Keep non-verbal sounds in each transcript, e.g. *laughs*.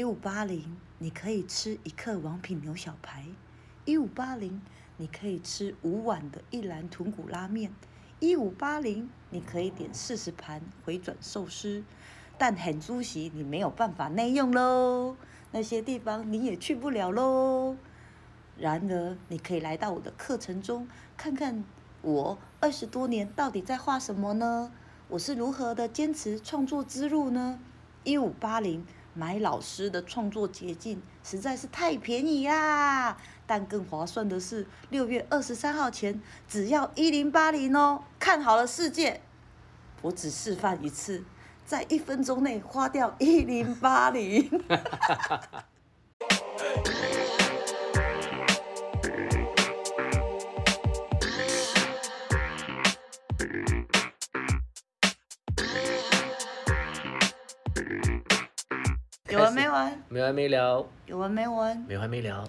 一五八零，你可以吃一客王品牛小排。一五八零，你可以吃五碗的一蘭豚骨拉麵。一五八零，你可以點四十盤回轉壽司，但很可惜，你沒有辦法內用嘍。那些地方你也去不了嘍。然而，你可以來到我的課程中，看看我二十多年到底在畫什麼呢？我是如何的堅持創作之路呢？一五八零。買老師的創作捷徑實在是太便宜啦！但更划算的是，六月二十三號前只要一零八零哦，看好了世界，我只示範一次，在一分鐘內花掉一零八零。沒完沒了，有完沒完，沒完沒了，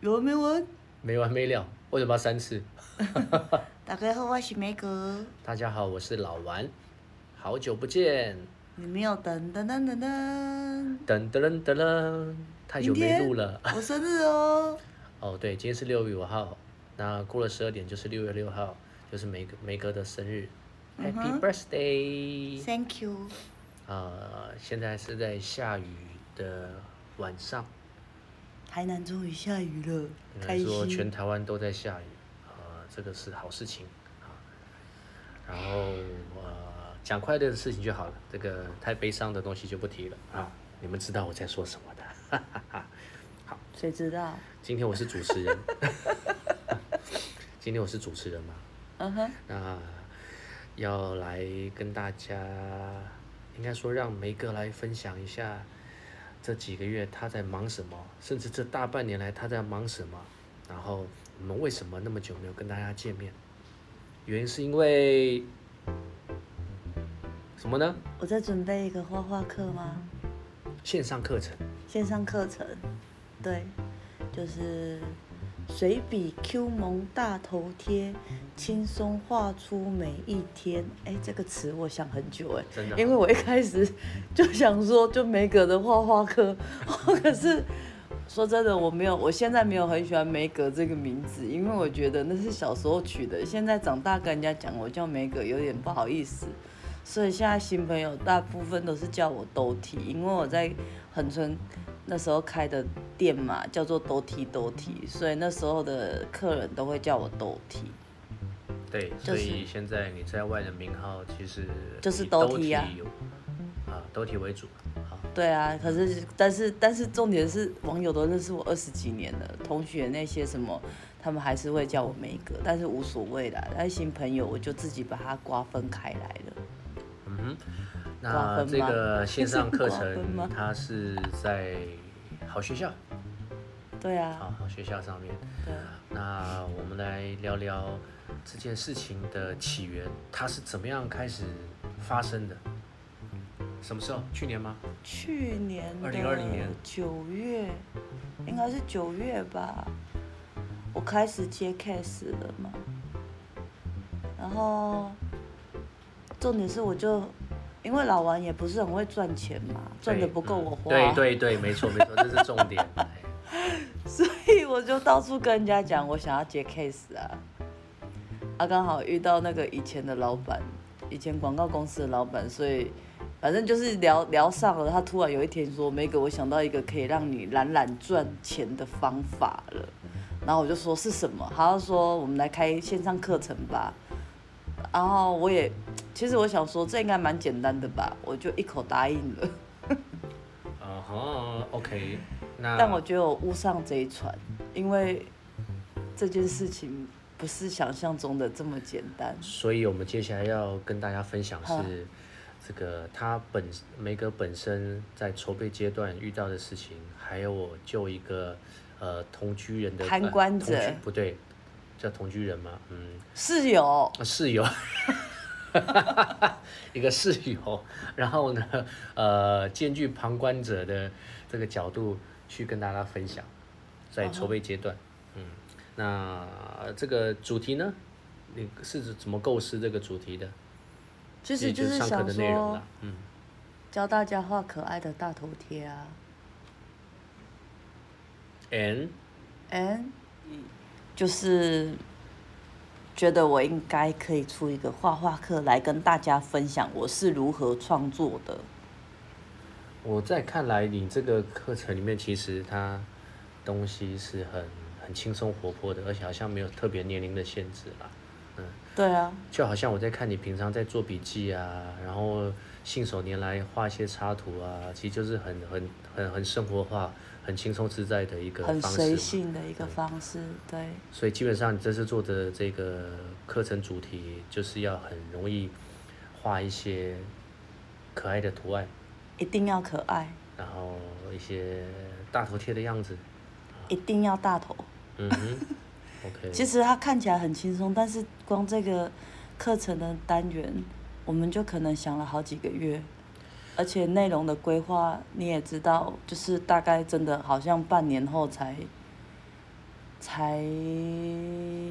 有完沒完，沒完沒了。為什麼要三次？大家好，我是梅哥。大家好，我是老王。好久不見。你們要等等等等，等等等等，等，等，等，等，等太久沒錄了。我生日哦。 *laughs* 哦，對，今天是六月五號，那過了十二點就是六月六號，就是梅梅哥的生日，嗯。Happy birthday! Thank you. 啊，呃，現在是在下雨。的晚上，台南終於下雨了。應該說全台灣都在下雨，呃，這個是好事情啊。然後呃，講快樂的事情就好了，這個太悲傷的東西就不提了啊。你們知道我在說什麼的，哈哈哈哈。好，誰知道？今天我是主持人， *laughs* *laughs* 今天我是主持人嘛？啊哈、uh-huh，那要來跟大家，應該說讓梅哥來分享一下。這幾個月他在忙什麼？甚至這大半年來他在忙什麼？然後我們為什麼那麼久沒有跟大家見面？原因是因為什麼呢？我在準備一個畫畫課嗎，線上課程。線上課程，對，就是。水筆 Q 萌大頭貼，輕鬆畫出每一天。哎、欸，這個詞我想很久哎、啊，因為我一開始就想說就梅格的畫畫課，可是說真的，我沒有，我現在沒有很喜歡梅格這個名字，因為我覺得那是小時候取的，現在長大跟人家講我叫梅格有點不好意思，所以現在新朋友大部分都是叫我兜體，因為我在恆春。那時候開的店嘛，叫做兜提兜提，所以那時候的客人都會叫我兜提。對，就是。所以現在你在外的名號其實 Doti 就是兜提呀，啊，兜提為主。對啊，可是但是但是重點是網友都認識我二十幾年了，同學那些什麼，他們還是會叫我梅格。但是無所謂啦，但是新朋友我就自己把它瓜分開來了。嗯哼。那這個線上課程，它是在好學校。對啊。好學校上面。對。那我們來聊聊這件事情的起源，它是怎麼樣開始發生的？什麼時候？去年嗎？去年。二零二零年。九月，應該是九月吧。我開始接 case 了嘛。然後，重點是我就。因為老王也不是很會賺錢嘛，賺的不夠我花對。對對對，沒錯沒錯，這是重點。 *laughs* 所以我就到處跟人家講，我想要接 case 啊。啊，剛好遇到那個以前的老闆，以前廣告公司的老闆，所以反正就是聊聊上了。他突然有一天說：“沒給我想到一個可以讓你懶懶賺錢的方法了。”然後我就說：“是什麼？”他說：“我們來開線上課程吧。”然後我也。其實我想說，這應該蠻簡單的吧，我就一口答應了。啊 *laughs* 哈、uh-huh，OK 那。那但我覺得我誤上這一船，因為這件事情不是想象中的這麼簡單。所以我們接下來要跟大家分享的是、啊、這個他本梅格本身在籌備階段遇到的事情，還有我救一個、呃、同居人的。旁觀者、呃。不對，叫同居人嗎？嗯。室友。室友。 *laughs* *laughs* 一個室友，然後呢，呃，兼具旁觀者的這個角度去跟大家分享，在籌備階段，啊哦嗯、那這個主題呢，你是怎麼構思這個主題的？其實就是上課的內容啦，就是想說，嗯，教大家畫可愛的大頭貼啊 n 嗯，And? And? 就是。覺得我應該可以出一個畫畫課來跟大家分享我是如何創作的。我在看來，你這個課程裡面其實它東西是很很輕鬆活潑的，而且好像沒有特別年齡的限制啦。嗯，對啊。就好像我在看你平常在做筆記啊，然後信手拈來畫一些插圖啊，其實就是很很很很生活化。很輕鬆自在的一個方式，很隨性的一個方式，對。所以基本上你這次做的這個課程主題就是要很容易畫一些可愛的圖案，一定要可愛。然後一些大頭貼的樣子，一定要大頭。嗯哼，okay。 *laughs* 其實它看起來很輕鬆，但是光這個課程的單元，我們就可能想了好幾個月。而且內容的規劃你也知道，就是大概真的好像半年後才才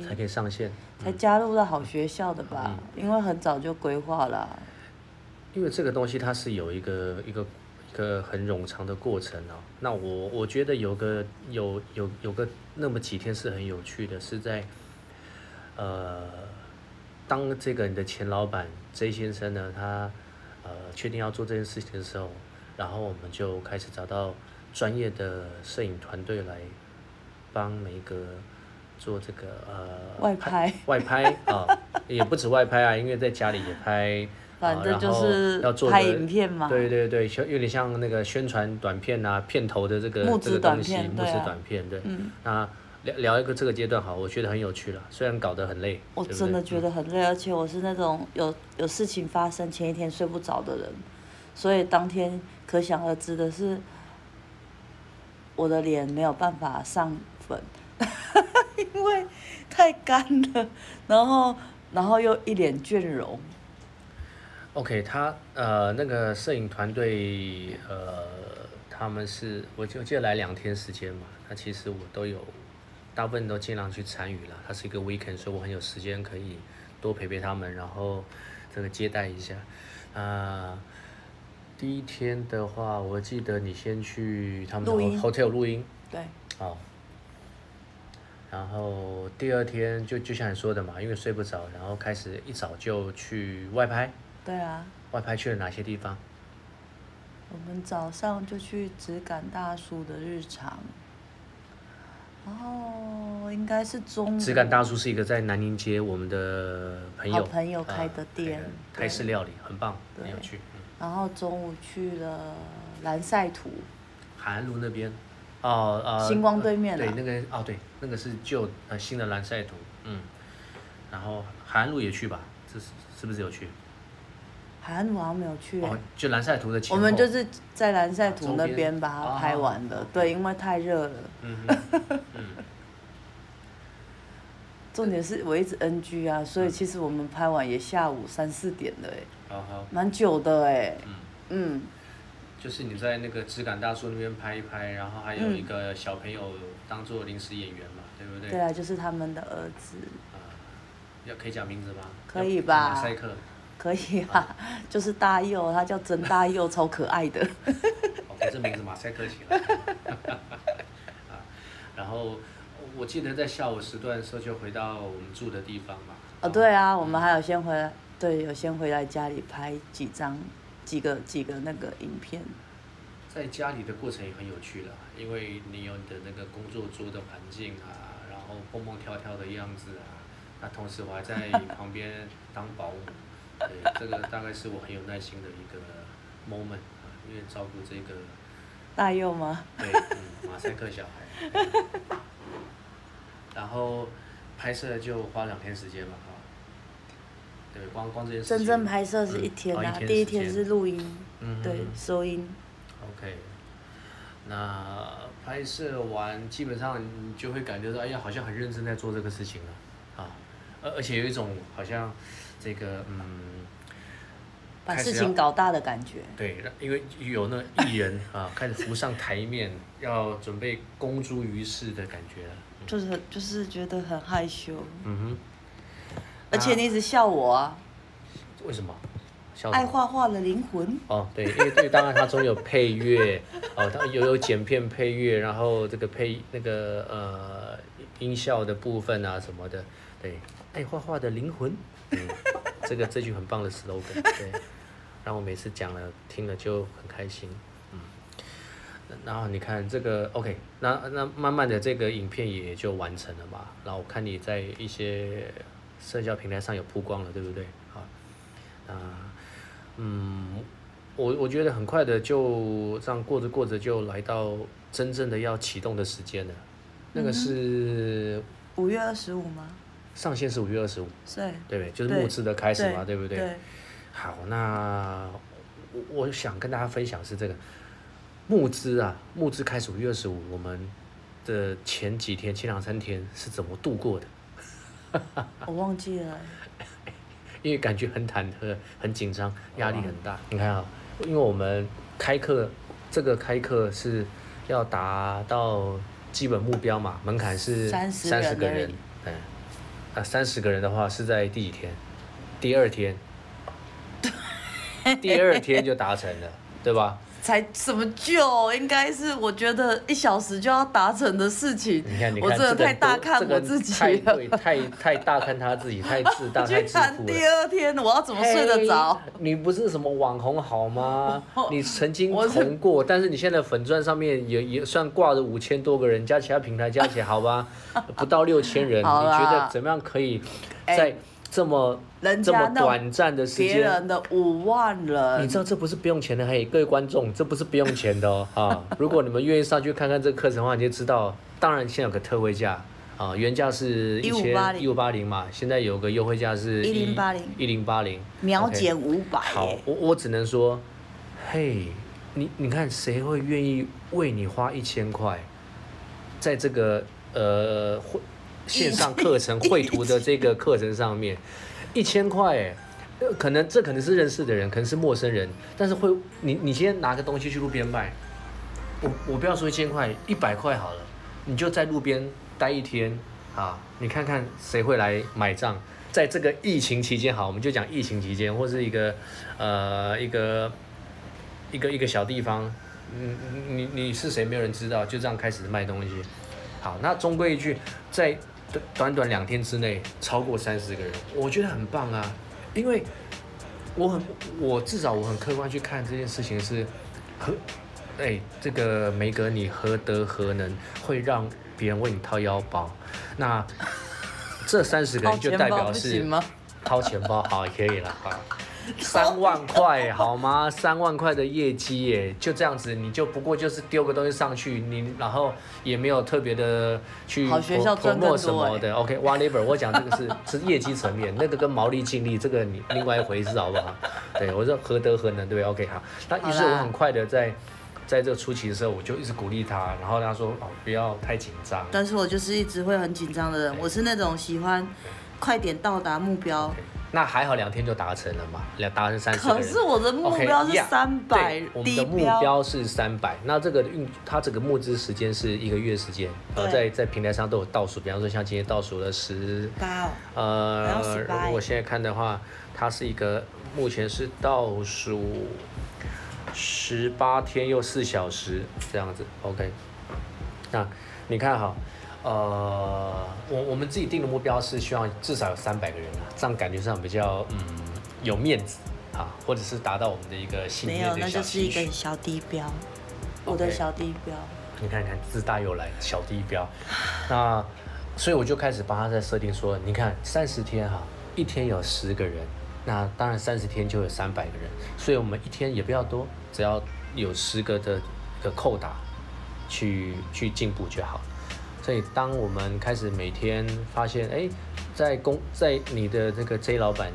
才可以上線，才加入到好學校的吧、嗯？因為很早就規劃了。因為這個東西它是有一個一個一個很冗長的過程哦、啊。那我我覺得有個有有有個那麼幾天是很有趣的，是在呃當這個你的前老闆 J 先生呢，他。呃，確定要做這件事情的時候，然後我們就開始找到專業的攝影團隊來幫梅格做這個呃外拍，拍，外拍啊、 *laughs* 哦，也不止外拍啊，因為在家裡也拍，反正就是要做拍影片嘛，對對對，像有點像那個宣傳短片啊，片頭的這個短片這個東西，募資、啊、短片對、嗯，那。聊聊一個這個階段好，我覺得很有趣了，雖然搞得很累。我真的覺得很累，對對嗯、而且我是那種有有事情發生前一天睡不着的人，所以當天可想而知的是，我的臉沒有辦法上粉， *laughs* 因為太乾了，然後然後又一臉倦容。OK，他呃那個攝影團隊呃他們是我就借來兩天時間嘛，那其實我都有。大部分都盡量去參與了，他是一個 weekend，所以我很有時間可以多陪陪他們，然後這個接待一下。啊、呃，第一天的話，我記得你先去他們的 ho hotel 錄音，音。對。好、哦。然後第二天就就像你說的嘛，因為睡不着，然後開始一早就去外拍。對啊。外拍去了哪些地方？我們早上就去植感大叔的日常，然、哦、後應該是中午。直感大叔是一個在南寧街我們的朋友朋友開的店，呃、泰式料理很棒，很有趣。嗯。然後中午去了藍晒圖，海安路那邊，哦呃，星光對面、啊呃、對那個哦對，那個是舊呃新的藍晒圖，嗯。然後海安路也去吧，這是是不是有去？海岸路沒有去、欸，oh, 就藍曬圖的。我們就是在藍曬圖，啊、邊那邊把它拍完的，啊、對、嗯，因為太熱了。嗯嗯、 *laughs* 重點是我一直 NG 啊，所以其實我們拍完也下午三四點的，欸、哎、嗯，蠻久的，欸、哎、啊、嗯，就是你在那個質感大叔那邊拍一拍，然後還有一個小朋友當做臨時演員嘛、嗯，對不對？對啊，就是他們的兒子。呃、要可以講名字嗎？可以吧。馬賽克。可以啊，啊，就是大佑，他叫曾大佑，呵呵，超可愛的。o、哦，這名字馬賽克行了。 *laughs* 啊，然後我記得在下午時段的時候就回到我們住的地方嘛。哦，對啊，我們還有先回來、嗯，對，有先回來家裡拍幾張、幾個、幾個那個影片。在家裡的過程也很有趣了，因為你有你的那個工作桌的環境啊，然後蹦蹦跳跳的樣子啊，那同時我還在旁邊當保姆。 *laughs* 對，這個大概是我很有耐心的一個 moment 啊，因為照顧這個大佑嗎？對，嗯，馬賽克小孩、 *laughs* 嗯。然後拍攝就花兩天時間嘛，哈、啊。對，光光這些。真正拍攝是一天啊、嗯哦，一天的，第一天是錄音，對，收音。嗯、OK，那拍攝完基本上你就會感覺到，哎呀，好像很認真在做這個事情了、啊，啊，而而且有一種好像這個，嗯。把事情搞大的感覺，對，因為有那個藝人 *laughs* 啊，開始浮上台面，要準備公諸於世的感覺了，嗯。就是就是覺得很害羞。嗯哼。而且你一直笑我啊。啊，為什麼？笑什麼？愛畫畫的靈魂。哦，對，因為當然它總有配樂， *laughs* 哦，它有有剪片配樂，然後這個配那個呃音效的部分啊什麼的，對，愛畫畫的靈魂。嗯 *laughs* *laughs* 這個這句很棒的 slogan，對，然後我每次講了聽了就很開心，嗯，然後你看這個 OK，那那慢慢的這個影片也就完成了嘛，然後我看你在一些社交平台上有曝光了，對不對？好啊，嗯，我我覺得很快的就這樣過着過着就來到真正的要啟動的時間了，嗯、那個是五月二十五嗎？上線是五月二十五，對對？就是募資的開始嘛，對，對不對，對，對？好，那我我想跟大家分享是這個募資啊，募資開始五月二十五，我們的前幾天，前兩三天是怎麼度過的？ *laughs* 我忘記了，因為感覺很忐忑，很緊張，壓力很大。Wow. 你看啊，哦，因為我們開課這個開課是要達到基本目標嘛，門檻是三十個人，嗯。對啊，三十個人的話是在第幾天？第二天， *laughs* 第二天就達成了，對吧？才什麼就應該是？我覺得一小時就要達成的事情。你看，你看我真的太大看我自己，這個、對， *laughs* 太太大看他自己，太自大，太自負。第二天我要怎麼睡得着？你不是什麼網紅好嗎？ *laughs* 你曾經紅過，但是你現在粉專上面也也算掛着五千多個人，加其他平台加起來，好吧， *laughs* 不到六千人。 *laughs* 你覺得怎麼樣可以在？在、欸這麼這麼短暫的時間，五萬人，你知道這不是不用錢的嘿，hey, 各位觀眾，這不是不用錢的、哦、 *laughs* 啊！如果你們願意上去看看這個課程的話，你就知道，當然現在有個特惠價啊，原價是一千一五八零嘛，現在有個優惠價是一零八零，一零八零秒減五百。好，我我只能說，嘿，hey, 你你看誰會願意為你花一千塊，在這個呃會。線上課程繪圖的這個課程上面，一千塊，呃，可能這可能是認識的人，可能是陌生人，但是會你你先拿個東西去路邊賣，我我不要說一千塊，一百塊好了，你就在路邊待一天啊，你看看誰會來買賬。在這個疫情期間好，我們就講疫情期間或是一個呃一個一個一個小地方，嗯，你你你是誰沒有人知道，就這樣開始賣東西。好，那終歸一句在。短短兩天之內，超過三十個人，我覺得很棒啊！因為我很，我至少我很客觀去看這件事情是何，哎，這個梅格你何德何能，會讓別人為你掏腰包？那這三十個人就代表是掏錢，掏錢包，好，可以了，好。三萬塊好嗎？三萬塊的業績耶，就這樣子，你就不過就是丟個東西上去，你然後也沒有特別的去投什麼的。OK，whatever *laughs* 我講這個是是業績層面，那個跟毛利淨利這個你另外一回事，好不好？對，我說何德何能，對不對？OK 哈。那於是我很快的在在這個初期的時候，我就一直鼓勵他，然後他說哦不要太緊張。但是我就是一直會很緊張的人，我是那種喜歡快點到達目標，okay。那還好，兩天就達成了嘛，兩達成三十個人。可是我的目標是三百、okay, yeah。我們的目標是三百。那這個運，它這個募資時間是一個月時間，呃，在在平台上都有倒數，比方說像今天倒數了十。八。呃，然後我現在看的話，它是一個目前是倒數十八天又四小時這樣子。OK，那你看哈。呃，我我們自己定的目標是希望至少有三百個人啊，這樣感覺上比較嗯有面子啊，或者是達到我們的一個信念。沒有，那就是一個小低標，我的小低標。Okay. 你看看自大又來了小低標， *laughs* 那所以我就開始幫他在設定說，你看三十天哈、啊，一天有十個人，那當然三十天就有三百個人。所以我們一天也不要多，只要有十個的的扣打去去進步就好。所以，當我們開始每天發現，哎、欸，在公在你的這個 J 老闆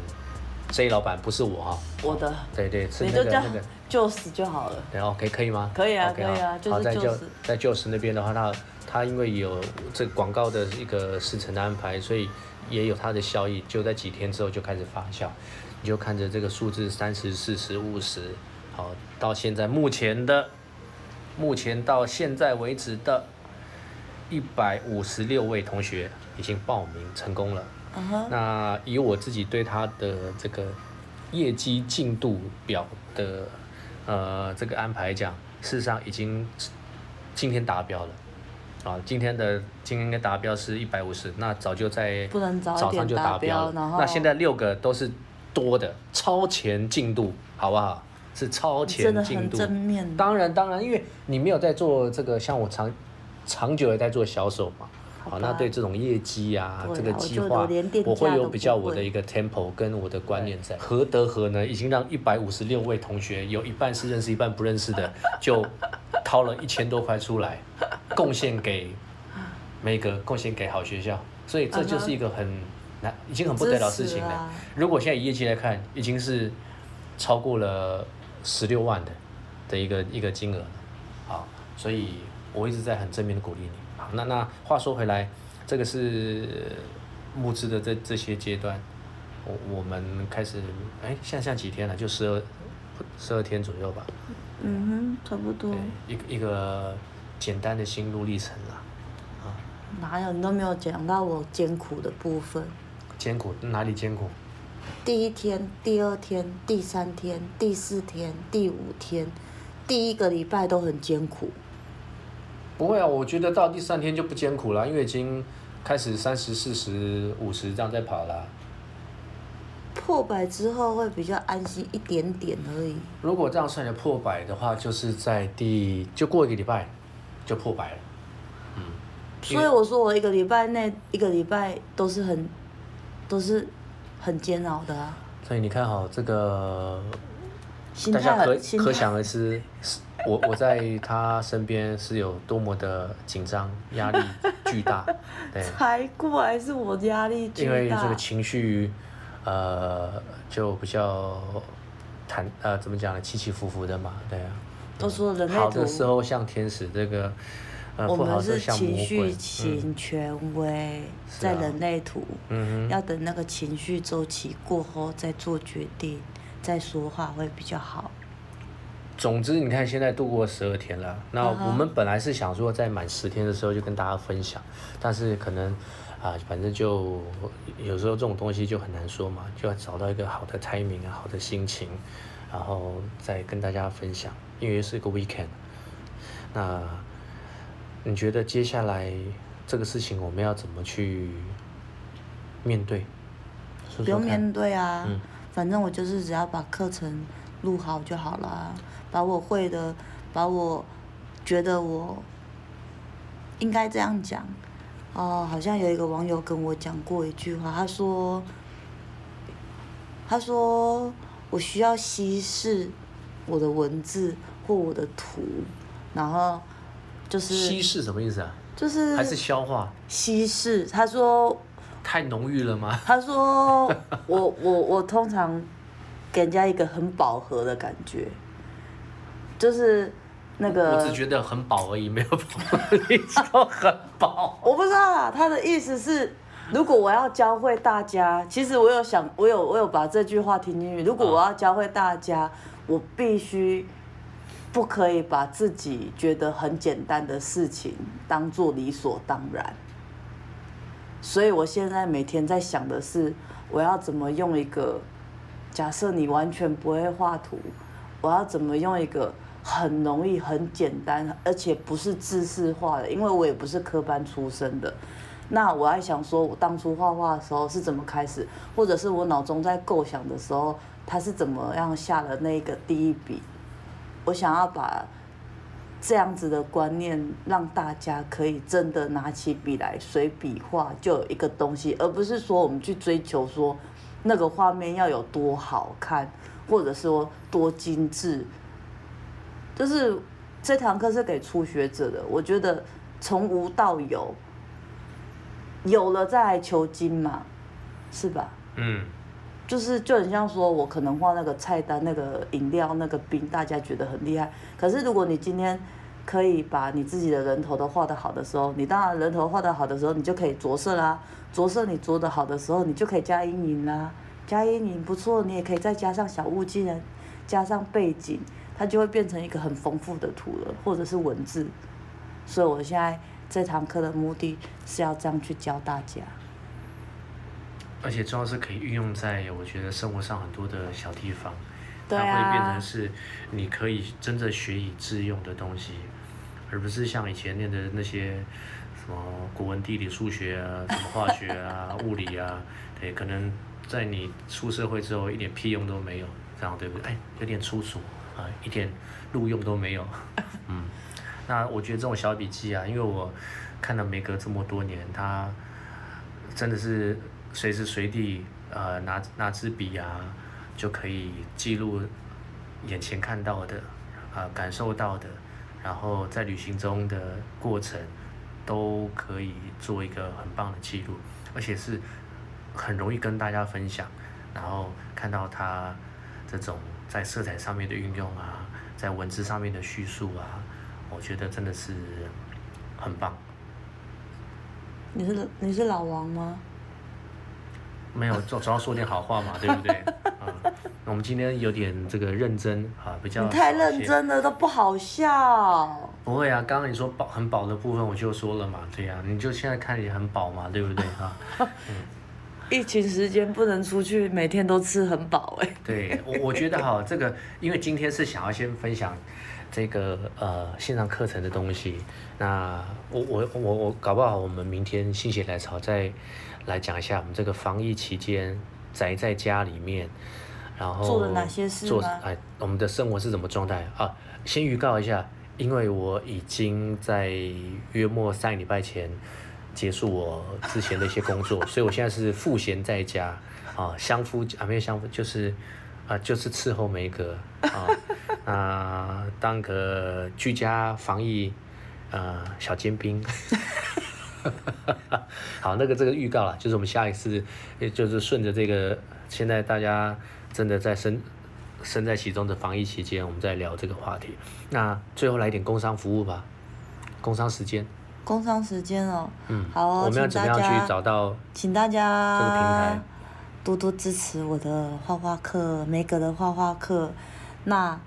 ，J 老闆不是我哈，我的，對，對對，是那個，就是、那個、就，就好了。對，OK 可以嗎？可以啊，OK, 可以啊，好在就在就是死在在那邊的話，他他因為有這廣告的一個時程的安排，所以也有它的效益，就在幾天之後就開始發酵，你就看着這個數字，三十、四十、五十，好，到現在目前的，目前到現在為止的。一百五十六位同學已經報名成功了。Uh -huh. 那以我自己對他的這個業績進度表的呃這個安排講，事實上已經今天達標了。啊，今天的今天的達標是一百五十，那早就在早上就達標了標。然後。那現在六個都是多的，超前進度，好不好？是超前進度。真的很正面。當然，當然，因為你沒有在做這個像我常。長久的在做銷售嘛，好，好，那對這種業績呀，這個計劃，我會有比較我的一個 tempo 跟我的觀念在。何德何能，已經讓一百五十六位同學，有一半是認識，一半不認識的，就掏了一千多塊出來，貢獻給梅格貢獻給好學校。所以這就是一個很難，已經很不得了事情了。如果現在以業績來看，已經是超過了十六萬的的一個一個金額，好，所以。我一直在很正面的鼓勵你。好，那那話說回來，這個是募資的，這這些階段，我我們開始，哎、欸，像像幾天了，就十二十二天左右吧。嗯哼，差不多。一一一個簡單的心路歷程了。啊，哪有你都沒有講到我艱苦的部分。艱苦哪裡艱苦？第一天、第二天、第三天、第四天、第五天，第一個禮拜都很艱苦。不會啊，我覺得到第三天就不艱苦了，啊，因為已經開始三十四十五十這樣在跑了，啊。破百之後會比較安心一點點而已。如果這樣算起來破百的話，就是在第就過一個禮拜就破百了。嗯。所以我說我一個禮拜內一個禮拜都是很都是很煎熬的啊。所以你看好這個心態，大家可可想而知。 *laughs* 我我在他身邊是有多麼的緊張、壓力巨大，對。才怪是我壓力巨大。因為這個情緒，呃，就比較，談，呃怎麼講呢，起起伏伏的嘛，對、啊。都說人類圖。好的時候像天使這個，呃、不好的時候像魔鬼，我們是情緒型、嗯、權威，在人類圖、啊，嗯，要等那個情緒周期過後再做決定、再說話會比較好。總之，你看現在度過十二天了，那我們本來是想說在滿十天的時候就跟大家分享，但是可能啊、呃，反正就有時候這種東西就很難說嘛，就要找到一個好的 timing，好的心情，然後再跟大家分享。因為是一個 weekend，那你覺得接下來這個事情，我們要怎麼去面對？說說看？不用面對啊、嗯，反正我就是只要把課程。錄好就好啦，把我會的，把我覺得我應該這樣講。哦，好像有一個網友跟我講過一句話，他說：“他說我需要稀釋我的文字或我的圖，然後就是稀釋什麼意思啊？就是還是消化稀釋。”他說：“太濃郁了嗎？”他說我：“我我我通常。”給人家一個很飽和的感覺，就是那個我只覺得很飽而已，沒有飽，你知道很飽。我不知道啊，他的意思是，如果我要教會大家，其實我有想，我有我有把這句話聽進去。如果我要教會大家，我必須不可以把自己覺得很簡單的事情當做理所當然。所以我現在每天在想的是，我要怎麼用一個。假設你完全不會畫圖，我要怎麼用一個很容易、很簡單，而且不是知識化的？因為我也不是科班出身的。那我還想說，我當初畫畫的時候是怎麼開始，或者是我腦中在構想的時候，他是怎麼樣下了那個第一筆？我想要把這樣子的觀念讓大家可以真的拿起筆來隨筆畫，就有一個東西，而不是說我們去追求說。那個畫面要有多好看，或者說多精致，就是這堂課是給初學者的。我覺得從無到有，有了再來求精嘛，是吧？嗯，就是就很像說，我可能畫那個菜單、那個飲料、那個冰，大家覺得很厲害。可是如果你今天，可以把你自己的人頭都畫得好的時候，你當然人頭畫得好的時候，你就可以着色啦、啊。着色你着得好的時候，你就可以加陰影啦、啊。加陰影不錯，你也可以再加上小物件，加上背景，它就會變成一個很豐富的圖了，或者是文字。所以我現在這堂課的目的是要這樣去教大家。而且重要是可以運用在我覺得生活上很多的小地方。它會變成是你可以真正學以致用的東西，而不是像以前念的那些什麼古文、地理、數學啊，什麼化學啊、物理啊，對，可能在你出社會之後一點屁用都沒有，這樣對不對？哎，有點粗俗啊，一點路用都沒有。嗯，那我覺得這種小筆記啊，因為我看了沒格這麼多年，它真的是隨時隨地呃拿拿支筆啊。就可以記錄眼前看到的啊、呃，感受到的，然後在旅行中的過程都可以做一個很棒的記錄，而且是很容易跟大家分享。然後看到他這種在色彩上面的運用啊，在文字上面的敘述啊，我覺得真的是很棒。你是你是老王嗎？沒有，總總要說點好話嘛， *laughs* 對不對？ *laughs* *laughs* 我們今天有點這個認真哈、啊，比較太認真了都不好笑。不會啊，剛剛你說飽很飽的部分我就說了嘛，對呀、啊，你就現在看起來很飽嘛，對不對啊、 *laughs* 嗯？疫情時間不能出去，每天都吃很飽哎、欸。 *laughs* 對我，我覺得哈，這個因為今天是想要先分享這個呃線上課程的東西，那我我我我搞不好我們明天心血來潮再來講一下我們這個防疫期間。宅在家裡面，然後做，做了哪些事嗎？哎，我們的生活是什麼狀態啊？先預告一下，因為我已經在約莫三禮拜前結束我之前的一些工作， *laughs* 所以我現在是賦閒在家啊，相夫啊，沒有相夫，就是啊，就是伺候梅格啊 *laughs* 啊當個居家防疫啊，小尖兵。 *laughs* *laughs* 好，那個這個預告啦，就是我們下一次，就是順着這個，現在大家真的在身身在其中的防疫期間，我們在聊這個話題。那最後來一點工商服務吧，工商時間，工商時間哦。嗯，好哦，我們要怎麼樣去找到請大家、這個平台？請大家這個平台多多支持我的畫畫課，梅格的畫畫課。那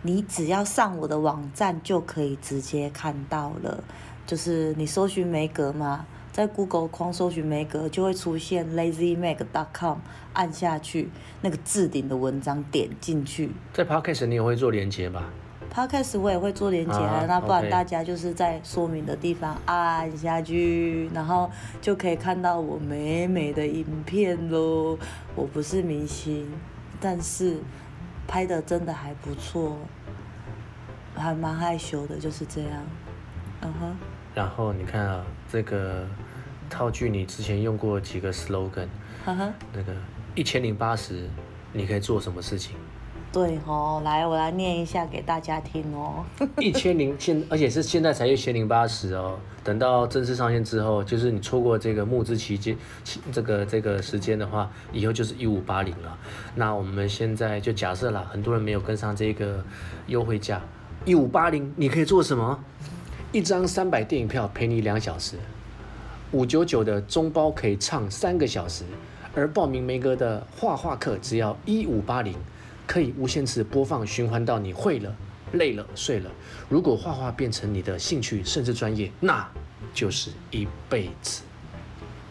你只要上我的網站就可以直接看到了。就是你搜尋梅格嘛，在 Google 框搜尋梅格就會出現 lazymeg.com，按下去那個置頂的文章點進去。在 podcast 你也會做連結吧？podcast 我也會做連結啊，那不然大家就是在說明的地方按下去，然後就可以看到我美美的影片嘍。我不是明星，但是拍得真的還不錯，還蠻害羞的，就是這樣，嗯哼。然後你看啊，這個套句你之前用過幾個 slogan？哈哈，那個一千零八十，你可以做什麼事情？對哦，來，我來念一下給大家聽哦。一千零現，而且是現在才有一千零八十哦。等到正式上線之後，就是你錯過這個募資期間期這個這個時間的話，以後就是一五八零了。那我們現在就假設了很多人沒有跟上這個優惠價一五八零，你可以做什麼？一張三百電影票陪你兩小時，五九九的中包可以唱三個小時，而報名沒格的畫畫課只要一五八零，可以無限次播放循環到你會了、累了、睡了。如果畫畫變成你的興趣，甚至專業，那就是一輩子。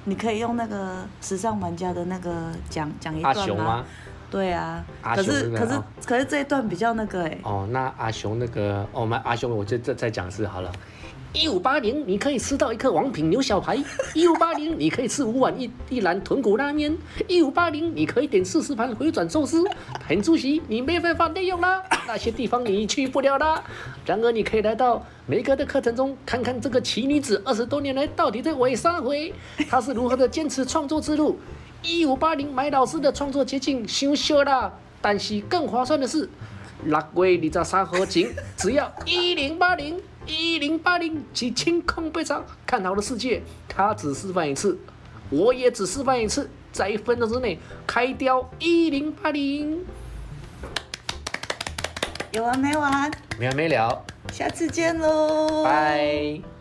你可以用那個時尚玩家的那個講講一段嗎？阿雄嗎？對啊，阿雄、這個。可是可是可是這一段比較那個、欸、哦，那阿雄那個，我、哦、阿雄，我就再再講一次好了。一五八零，你可以吃到一顆王品牛小排；一五八零，你可以吃五碗一一蘭豚骨拉面；一五八零，你可以點四十盤回轉壽司。很主席，你沒辦法利用啦，那些地方你去不了啦。然而，你可以來到梅哥的課程中，看看這個奇女子二十多年來到底在玩啥鬼，她是如何的堅持創作之路。一五八零梅老師的創作捷徑，羞羞啦。但是更划算的是，拉鬼，你這沙河井，只要一零八零。一零八零，及清空悲傷，看好的世界，他只示範一次，我也只示範一次，在一分鐘之內開掉一零八零，有完沒完？沒完沒了，下次見嘍，拜。